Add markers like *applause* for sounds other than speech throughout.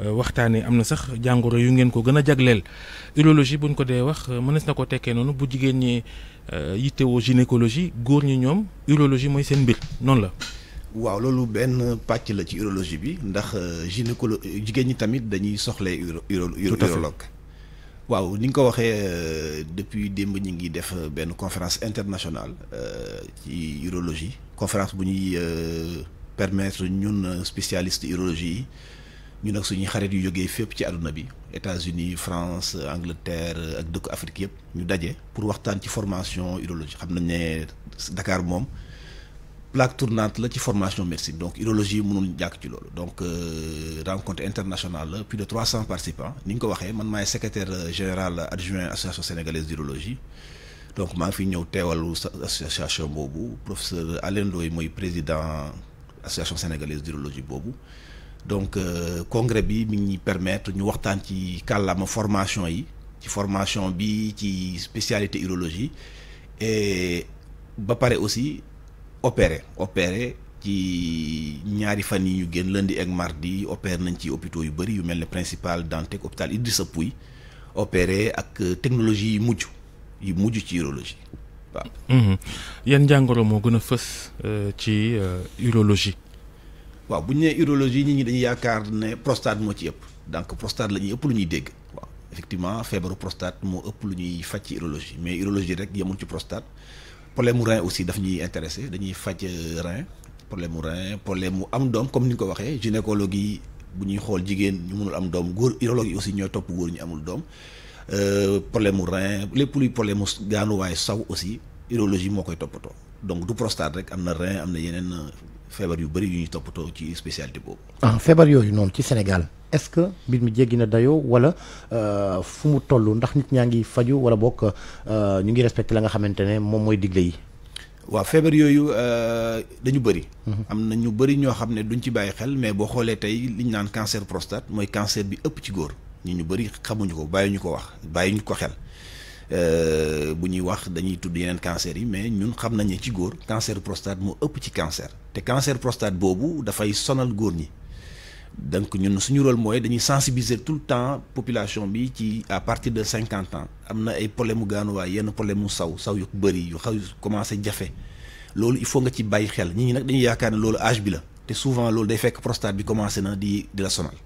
Euh, waxtaanee am na sax jàngoro yu ngeen ko gën a jagleel urologie buñ ko dee wax euh, mënees na ko tekkee noonu bu jigéen ñi euh, yittewoo gynécologie góor ñi ñoom urologie mooy seen mbir noonu la. waaw loolu benn pàcc la ci urologie bi ndax gynécolo jigéen ñi tamit dañuy soxlee uro urologue waaw ni nga ko waxee depuis démb ñi ngi def benn conférence internationale ci urologie conférence bu ñuy permettre ñun spécialiste urologie yi. Nous avons fait xarit yu jógee fépp ci àdduna États-Unis France Angleterre ak Afrique yëpp ñu daje pour waxtaan ci formation urologie Nous Dakar Mom, plaque tournante la ci formation médecine donc hydrologie, mënul jàkk ci loolu donc euh, rencontre internationale plus de 300 participants Je suis le secrétaire euh, général adjoint de l'association sénégalaise d'urologie donc maa ngi fi ñëw l'Association association Le professeur Alain est le président l'association sénégalaise d'urologie Bobo donc euh, congrès bi mi ngi permettre ñu waxtaan ci kàllaama formation yi ci formation bi ci spécialité urologie et ba pare aussi opérer opérer ci ñaari fan yi ñu génn lundi ak mardi opéré nañ ci hôpitaux yu bëri yu mel ne principal Dantec hôpital Idrissa Pouye opéré ak technologie yi mujj yu mujj ci urologie waaw. Mhm. yan jàngoro moo gën a fës euh, ci euh, urologie waaw bu ñu urologie nit ñi dañuy yaakaar ne prostate moo ci ëpp donc prostate la ñuy ëpp lu ñuy dégg waaw effectivement feebaru prostate moo ëpp lu ñuy faj ci urologie mais urologie rek yemul ci prostate problème mu rein aussi daf ñuy intéressé dañuy faj euh, rein problème mu rein problème am doom comme ni nga ko waxee gynécologue yi bu ñuy xool jigéen ñu mënul am doom góor aussi ñooy topp góor ñu amul doom euh, problème mu rein lépp luy problème mu gaanuwaay saw aussi urologie moo koy toppatoo donc du prostate rek am na rein am na yeneen feebar yu bari yu ñuy toppatoo ci spécialité boobu. ah feebar yooyu noonu ci Sénégal est-ce que mbir mi jéggi na dayoo wala euh, fu mu toll ndax nit ñaa ngi faju wala bokk euh, ñu ngi respecté la nga xamante ne moom mooy digle yi. waaw feebar yooyu euh, dañu bëri. Mhm. am na ñu bëri ñoo xam ne duñ ci bàyyi xel mais boo xoolee tey liñ ñu naan cancer prostate mooy cancer bi ëpp ci góor ñi ñu bëri xamuñu ko bàyyi ko wax bàyyi ko xel. Euh, bu ñuy wax dañuy tudd yeneen cancer yi mais ñun xam nañ ne ci góor cancer prostate moo ëpp ci cancer te cancer prostate boobu dafay sonal góor ñi donc ñun suñu rôle mooy dañuy sensibiliser tout le temps population bi ci à partir de 50 ans am na ay problème mu gaanuwaay yenn problème saw saw yu bëri yu xaw commencé jafe loolu il faut nga ci bàyyi xel ñi ñi nag dañuy yaakaar ne loolu âge bi la te souvent loolu day fekk prostate bi commencé na di di la sonal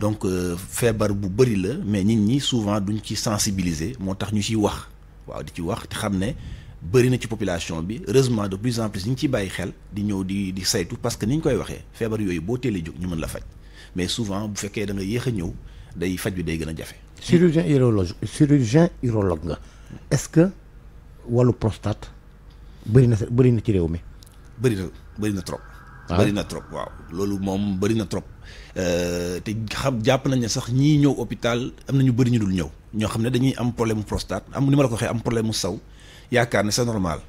donc euh, faire bu mais nit souvent duñ ci sensibiliser motax ñu ci wax waaw di ci wax te population bi heureusement de plus en plus ci sensibilisé, xel di parce que niñ koy waxé les bo mais souvent bu féké da nga yéxa chirurgien urologue est-ce que walu prostate na na Ah. bëri na trop waaw loolu moom bëri na trop euh, te xam jàpp nañ ne sax ñii ñëw hôpital am na ñu bëri ñu dul ñëw ñoo xam ne dañuy am problème mu prostate am ni ma la ko waxee am problème mu saw yaakaar ne c'est normal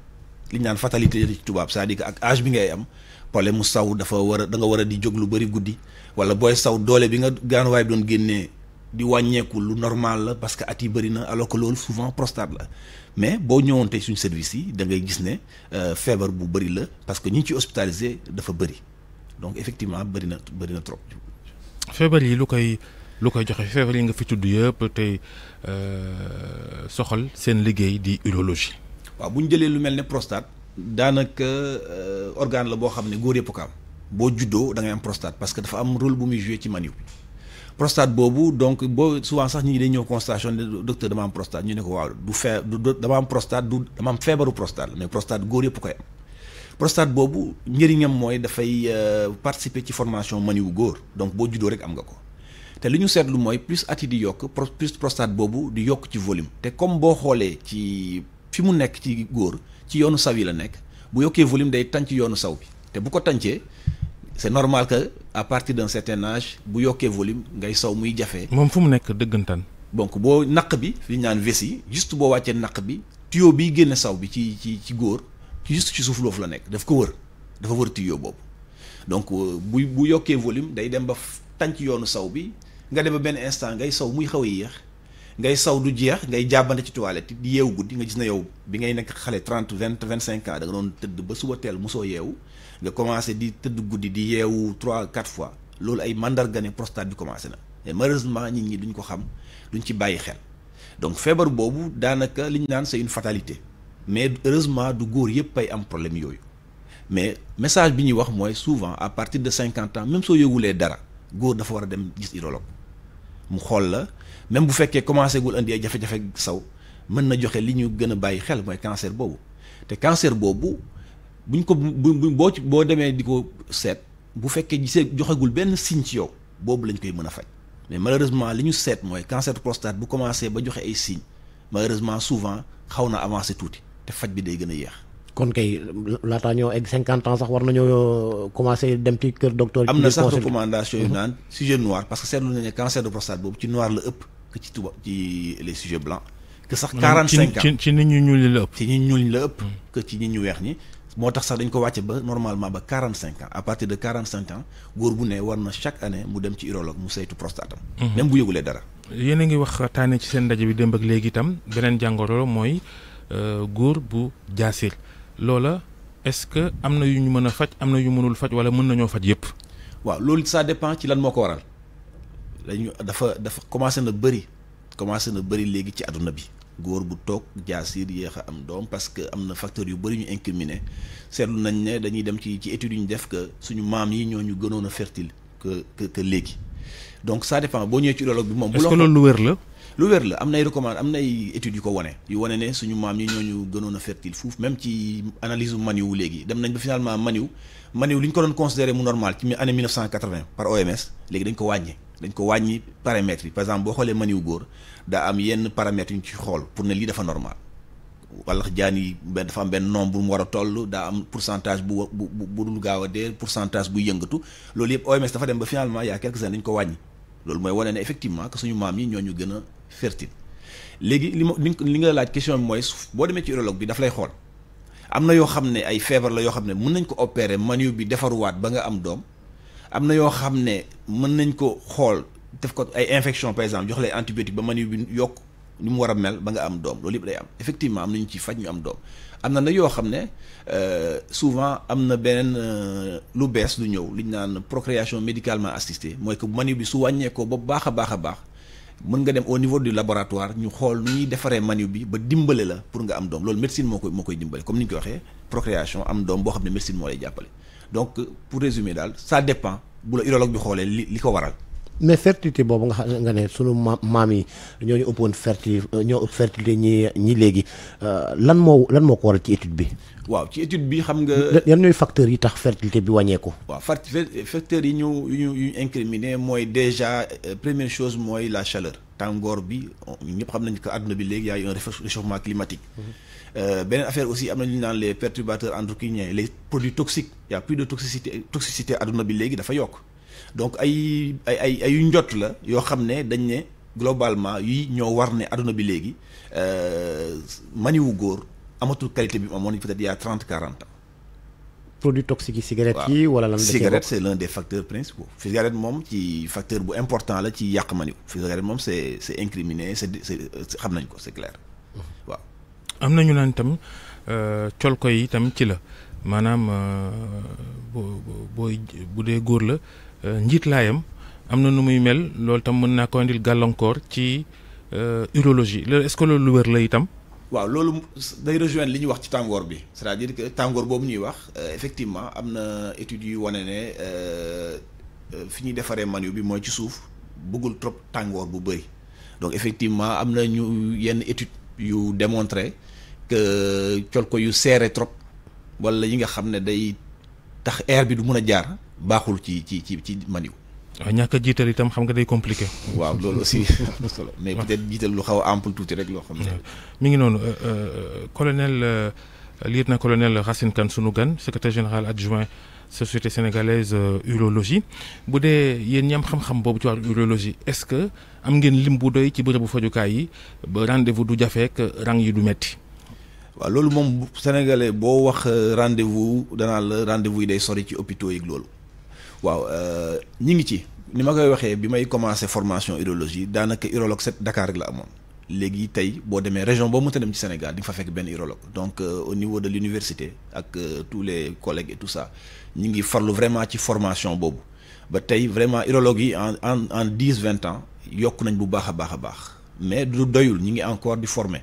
li ñu naan fatalité tubaab cest à ak âge bi ngay am problème mu saw dafa war danga war a di jóg lu bëri guddi wala booy saw doole bi nga gaanuwaay bi doon génnee di wàññeeku lu normal la parce que at yi bëri na alors que loolu souvent prostate la mais boo ñëwoon tey suñu service yi da ngay gis ne euh, feebar bu bëri la parce que ñi ci hospitalisé dafa bëri donc effectivement bëri na na trop. feebar yi lu koy lu koy joxe feebar yi nga fi tudd yëpp tey euh, soxal seen liggéey di urologie. waaw bu ñu jëlee lu mel ne prostate daanaka euh, organe la boo xam ne góor yëpp ko am boo juddoo da ngay am prostate parce que dafa am rôle bu muy joué ci maniou bi prostate Bobu, donc souvent sax ñi ñëw constatation docteur dama am prostate ñu ne du dama prostate du dama prostate mais prostate goor yëpp koy prostate Bobu mooy euh, participer ci formation maniw goor donc bo juddoo rek am nga ko te plus à yok di yokk plus prostate bobu di yokk ci volume te comme boo xoolee ci fi mu nekk ci góor ci yoonu saw la nekk bu volume day tànc yoonu saw bi bu ko c'est normal que à partir d'un certain âge bu un volume ngay saw muy jafé mom nek deugantan donc bo volume, bi fi ñaan juste bo nak bi tuyo un volume, saw bi ci ci ci juste ci la nek daf ko wër dafa wër donc euh, bu bu volume day dem ba tanc yoonu saw bi nga instant ngay saw muy xawé a ngay saw du jeex ngay jàbbante ci toilette di guddi nga gis na yow bi ngay nek xalé ans da nga un teud ba suba muso nga commencé di tëdd guddi di yeewu 3 4 fois loolu ay mandar ne prostate bi commencé na et malheureusement nit ñi duñ ko xam duñ ci bàyyi xel donc feebar boobu daanaka li ñu naan c'est une fatalité mais heureusement du góor yëpp ay am problème yooyu mais message bi ñuy wax mooy souvent à partir de 50 ans même soo yëgulee dara góor dafa war a dem gis urologue mu xool la même bu fekkee commencé gul indi ay jafe-jafe saw mën na joxe li ñu gën a bàyyi xel mooy cancer boobu te cancer boobu buñ ko bu bo ci boo demee di ko bu féké gisee joxagul ben signe ci yow bobu lañ koy mëna a faj mais malheureusement liñu sét moy mooy cancer prostate bu commencé ba joxé ay signes malheureusement souvent xawna na avancé tuuti te faj bi day gëna yéx kon kay laataa ñoo egg 50 ans sax war nañoo commencé dem ci kër docteur. amna na sax recommandation yu mhm. naan sujet noir parce que seetlu nañu ne cancer de prostate bobu ci noir la ëpp que ci tuba ci les sujets blancs. que sax 45 ans ci ci ñu ñu ñuul ëpp. ci ñi ñu la ëpp. Mhm. que ci nit ñu weex ni motax sax dañ ko wàcce ba normalement ba 45 ans à partir de 45 ans góor bu ne war chaque année mu dem ci urologue mu saytu prostatam mhm. même bu yegulé dara. yéen ngi wax tane ci sen dajé bi démb ak léegi itam beneen jàngoro mooy euh, góor bu jaasir lola est-ce que amna yu ñu mëna fajj amna yu mënul fajj wala mëna ñoo fajj yépp. waaw loolu ça dépend ci lan moko waral dañu dafa dafa commencé na bëri commencé na bëri légui ci aduna bi goor bu tok jaasir yéex a am doom parce que amna facteur yu bari ñu incriminer sétlu nañ né dañuy dem ci ci étude ñu def que suñu mam yi ñoo ñu gënoon fertile que que que légui donc ça dépend bo ñëwee ci urologue bi mom bu est-ce loolu lu wér la. lu wër la am nay recommand am nay étude yu ko woné yu woné né suñu mam yi ñoo ñu gënoon fertile fouf même ci analyse maniou légui dem nañ ba finalement maniou maniou liñ ko doon considérer mu normal ci année 1980 par OMS légui dañ ko wàññi dañ ko wàññi paramètres yi par exemple boo xoolee maniou góor daa am yenn paramètres yu ñu ci xool pour ne lii dafa normal wala jaan yi dafa am benn nombre mu war a toll daa am pour pourcentage bu bu bu dul gaaw a dee pourcentage bu yëngatu loolu yëpp OMS dafa dem ba finalement il y ko wàññi loolu mooy wane ne effectivement que suñu maam yi ñoo ñu gën a fertile. léegi li ma li nga laaj question bi mooy boo demee ci urologue bi daf lay xool am na yoo xam ne ay feebar la yoo xam ne mën nañ ko opérer maniou bi defaruwaat ba nga am doom am na yoo xam ne mën nañ ko xool. def ko infection par exemple jox lay antibiotique ba manu bi yokk ni mu wara mel ba nga am am effectivement am nañu ci faj ñu am dom amna na na xamne euh souvent am na ben lu bess du ñew liñ nane procréation médicalement assistée moy que manu bi su ko, ba baax a baax baax mën nga dem au niveau du laboratoire ñu xol nu ñuy defaree manu bi ba dimbalé la pour nga am dom lolou médecine mo koy mo koy dimbale comme niñ ko waxé procréation am dom bo xam médecine mo lay jappalé donc pour résumer dal, ça dépend bu la urologue bi xolé li ko waral mais fertilité bob nga nga né sunu mami ñoo ñu ëppoon fertilité ñoo ëpp fertilité ñi ñi léegi euh, lan mo lan moko ko ci étude bi. waaw ci étude bi xam nga. yan ñooy facteur yi tax fertilité bi ko waaw facteur yi ñu ñu incriminé moy déjà euh, première chose moy la chaleur tangor bi ñepp xam nañ ko aduna bi légui y a un réchauffement climatique. ben affaire aussi amna ñu les perturbateurs endocriniens les produits toxiques y a plus de toxicité toxicité aduna bi légui dafa yok donc ay ay ay yu njot la yo xam dañ ne globalement yi ñoo war ne aduna bi euh, mani wu góor amatu qualité bi amone peut-être il y a trente quarante ans. produits toxiques cigarette yi. wala lan cigarette c'est l'un des facteurs principaux. cigarette mom ci facteur bu important la ci yak mani cigarette mom c'est c'est incriminé c'est c'est xam nañ ko c'est clair mhm. waaw. am nañu nan tam euh, colko yi tam ci la manam euh, bu la. Euh, njiit laayam am na nu muy mel loolu tam mën naa ko indil gàllankoor ci euh, urologie loolu est-ce que loolu lu wér la itam. waaw loolu day rejoindre li ñuy wax ci tàngoor bi c'est-à-dire que tàngoor boobu ñuy wax euh, effectivement am na études yu wane ne fi ñuy defaree man bi mooy ci suuf bëggul trop tàngoor bu bëri donc effectivement am na ñu yenn étude yu démontré que col ko yu serré trop wala yi nga xam ne day tax air bi du mun a jaar baaxul ci ci ci ci maniw. waaw ah, ñàkk a jiital itam xam nga day compliqué. waaw loolu aussi *laughs* solo mais peut-être jiital lu xaw a ample tuuti rek loo xam ne. mi ngi noonu euh, euh, colonel euh, lieutenant colonel Racine Kane sunu gan secrétaire général adjoint société sénégalaise urologie bu dee yéen ñi xam-xam boobu ci urologie est-ce que am ngeen lim bu doy ci bërëbu fajukaay yi ba rendez-vous du jafeek rang yi du metti waaw loolu moom sénégalais boo wax rendez-vous danaa la rendez-vous yi day sori ci hôpitaux yi loolu waaw euh, ñi ngi ci ni ma koy waxee bi may commencé formation urologie daanaka urologue set Dakar rek la amoon léegi tey boo demee région boo mënta dem ci Sénégal di nga fa fekk benn urologue donc euh, au niveau de l'université ak euh, tous les collègues et tout ça ñi ngi farlu vraiment ci formation boobu ba tey vraiment urologue yi en en en dix vingt ans yokk nañ bu baax a baax a baax mais du doyul ñi ngi encore di former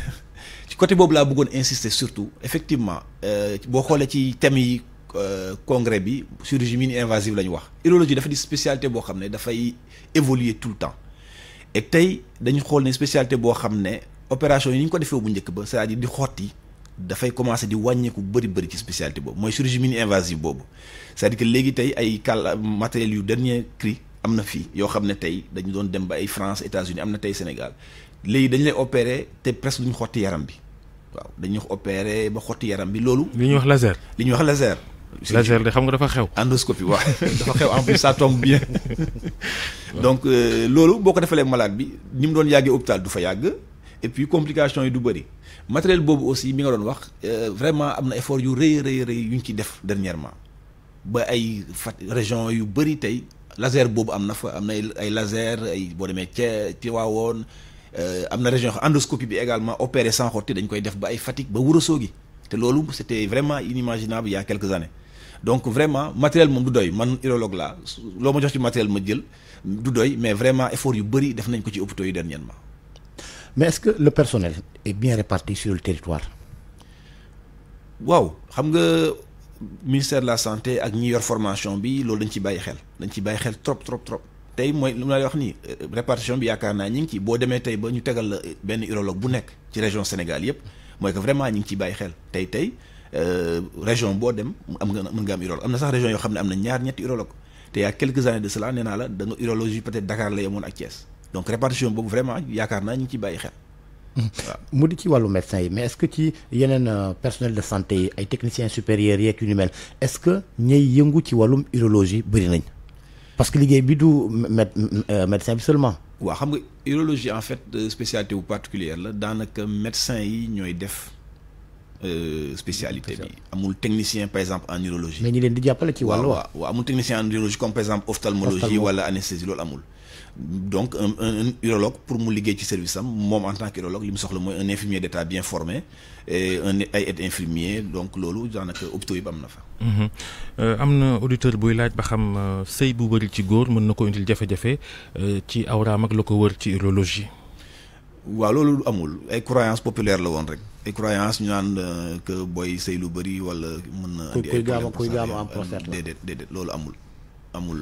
côté bobu la bëggone insister surtout effectivement euh, bo xolé ci thème yi euh, congrès bi chirurgie mini invasive lañ wax urologie dafa di spécialité bo xamné da fay évoluer tout le temps et tay dañu xol né spécialité bo xamné opération yi ñu ko défé bu ñëk ba c'est-à-dire di da fay commencer di ku bëri bëri ci spécialité boobu moy chirurgie mini invasive bob. c'est-à-dire que légui tay ay matériel yu dernier cri amna fi yo xamné tay ne dañu doon dem ba ay France États-Unis amna tay Sénégal légui dañ lay opérer te presque duñ xoti yaram bi waaw dañuy opérer ba xotti yaram bi loolu. li wax laser. li wax laser. laser de xam nga dafa xew. endoscopie *laughs* dafa xew ça tombe bien. *laughs* donc euh, loolu boo ko defalee malade bi ni mu doon hôpital du fa et puis complications yi du bëri matériel boobu aussi mi nga doon wax euh, vraiment am effort yu rëy rëy ci def dernièrement ba ay région yu bëri laser boobu am na laser ay boo euh, am na région endoscopie bi également opéré sans xotti dañ koy def ba ay fatigue ba Ourossogui te té lolu c'était vraiment inimaginable il y a quelques années donc vraiment matériel moom du doy man urologue la lo ma jox ci matériel ma jël du doy mais vraiment effort yu bëri def nañ ko ci hôpitaux yi dernièrement. mais est ce que le personnel est bien réparti sur le territoire. waaw xam nga ministère de la santé ak ñi yor formation bi lolu dañ ci bàyyi xel dañ ci bàyyi xel trop trop trop tey mooy lu lay wax ni euh, répartition bi yaakaar naa ñu ci bo demee tay ba ñu tegal la euh, urologue bu nek ci région Sénégal yépp moy que vraiment ñu ci ciy bàyyi xel tay tey euh, région bo dem am nga mën nga am urologue amna sax région yo xam amna ñaar ñet urologue té ya a quelques années de cela néna la da nga urologie peut-être Dakar la yemoon ak Thiès donc répartition boobu vraiment yaakaar naa ñu ngi ciy xel. Hum. mu di ci wàllu médecin yi mais est-ce que ci yenen personnel de santé ay techniciens supérieurs yeeg yu ni mel est-ce que ñay yëngu ci walum urologie bari nañ parce que les euh, bi bidou, médecin seulement. Oui, xam nga urologie en fait spécialité ou particulière Dans les médecin yi ñooy def. Euh, spécialité bi amul technicien par exemple en urologie. mais ñi leen di jappalé ci wàllu. wa amul technicien en urologie comme par exemple ophtalmologie wala anesthésie amul donc un un urologue pour mu liggéey ci service am moom en tant qu'urologue urologue li mu un infirmier d'état bien formé et un infirmier donc loolu daanaka hôpitaux yi am na fa. Mhm. Euh, am na auditeur buy laaj ba xam euh, sëy bu bëri ci góor mën na ko indil jafe-jafe euh, ci awraam ak la ko wër ci urologie. waaw loolu amul ay croyances populaires la woon rek ay croyances ñu naan que boy sëy lu bëri wala mën na. andi ay déedéet déedéet loolu amul amul.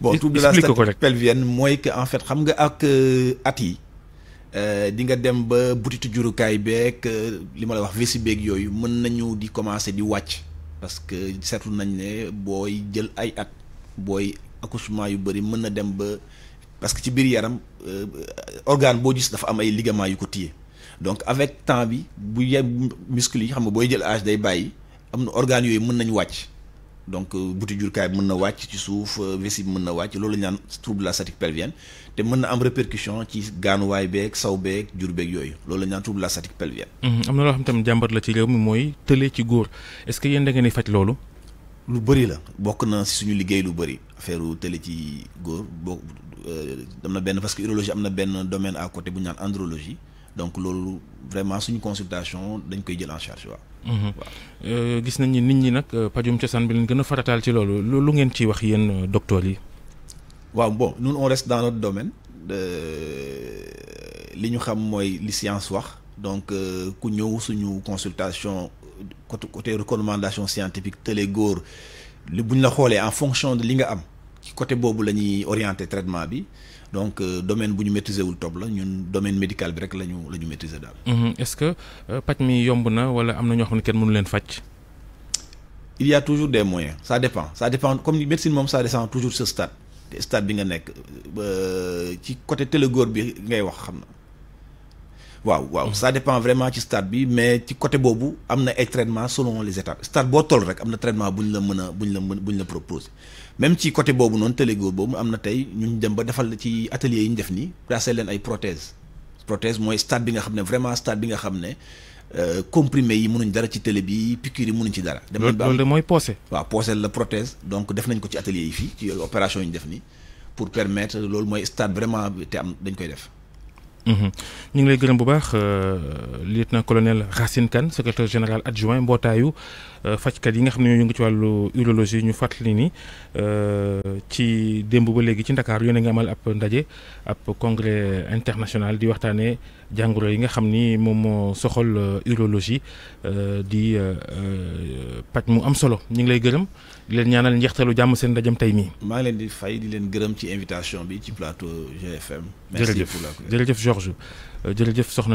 bon tout de la que en fait xam nga ak euh, at euh, di nga dem ba jurukaay euh, li wax commencer parce que nañ boy jël ay at boy accouchement yu parce que ci bir yaram organe bo gis dafa ligaments donc avec temps bi bu muscle yi xam nga boy donc si euh, jurkaay mën na ci euh, vessie mën na trouble la statique pelvienne te mën na am répercussion ci gaanuwaay beeg saw beeg jur beeg yooyu trouble la statique pelvienne. Mmh, am na loo xam tam la ci réew mi ci est-ce que yéen da ngeen ni faj loolu. lu bëri la bokk na si suñu liggéey lu affaire ci euh, parce que urologie am na domaine à côté bu ñaan andrologie donc loolu vraiment suñu consultation dañ koy jël en charge Mhm. Euh, gis nañ ni nit ñi nag euh, pajum cosaan bi leen gën a farataal ci loolu lu ngeen ci wax yéen euh, docteur yi. waaw bon nous on reste dans notre domaine li ñu xam mooy li science wax donc ku ñëw suñu consultation côté côté recommandation scientifique tële góor li buñ la xoolee en fonction de li nga am ci côté boobu la ñuy orienté traitement bi donc euh, domaine bu ñu maîtriser wul topp la ñun domaine médical bi rek lañu lañu maîtriser dal maîtriser daal. Mhm. est-ce que euh, paj mi yomb na wala am na ñoo xam kenn mënu leen faj. il y a toujours des moyens ça dépend ça dépend comme médecine moom ça dépend toujours ce stade te stade bi nga nekk euh, ci côté télégóor bi ngay wax xam na waaw waaw mhm. ça dépend vraiment ci stade bi mais ci côté boobu am na ay traitements selon les étapes stade boo tol rek am na traitement buñ la mën a bu la buñ la proposer même ci côté bobu non télé go bobu amna tay ñu dem ba defal ci atelier yi ñu def ni placer leen ay prothèse prothèse moy stade bi nga xamné vraiment stade bi nga xamné euh comprimé yi mënuñ dara ci télé bi piqûre yi mënuñ ci dara. dem nañ ba loolu mooy posé. waaw posé la prothèse donc def nañ ko ci atelier yi fi ci opération yi ñu def ni pour permettre loolu moy stade vraiment té am dañ koy def. Mhm. ñu ngi lay gërëm bu baax euh, lieutenant colonel Racine Kane secrétaire général adjoint mbootaayu euh, fajkat yi nga xam ne ñoo yëngu ci wàllu urologie ñu fàttali ni euh, ci démb ba léegi ci Ndakaar yéen a ngi amal ab ndaje ab congrès international di waxtaanee jàngoro yi nga xam ni moom moo soxal urologie di paj mu am solo ñu ngi lay gërëm. di leen ñaanal njeextalu jàmm seen ndajam tey mii. maa ngi leen di fay di leen gërëm ci invitation bi ci plateau GFM. merci pour la jërëjëf jërëjëf Georges euh, jërëjëf soxna.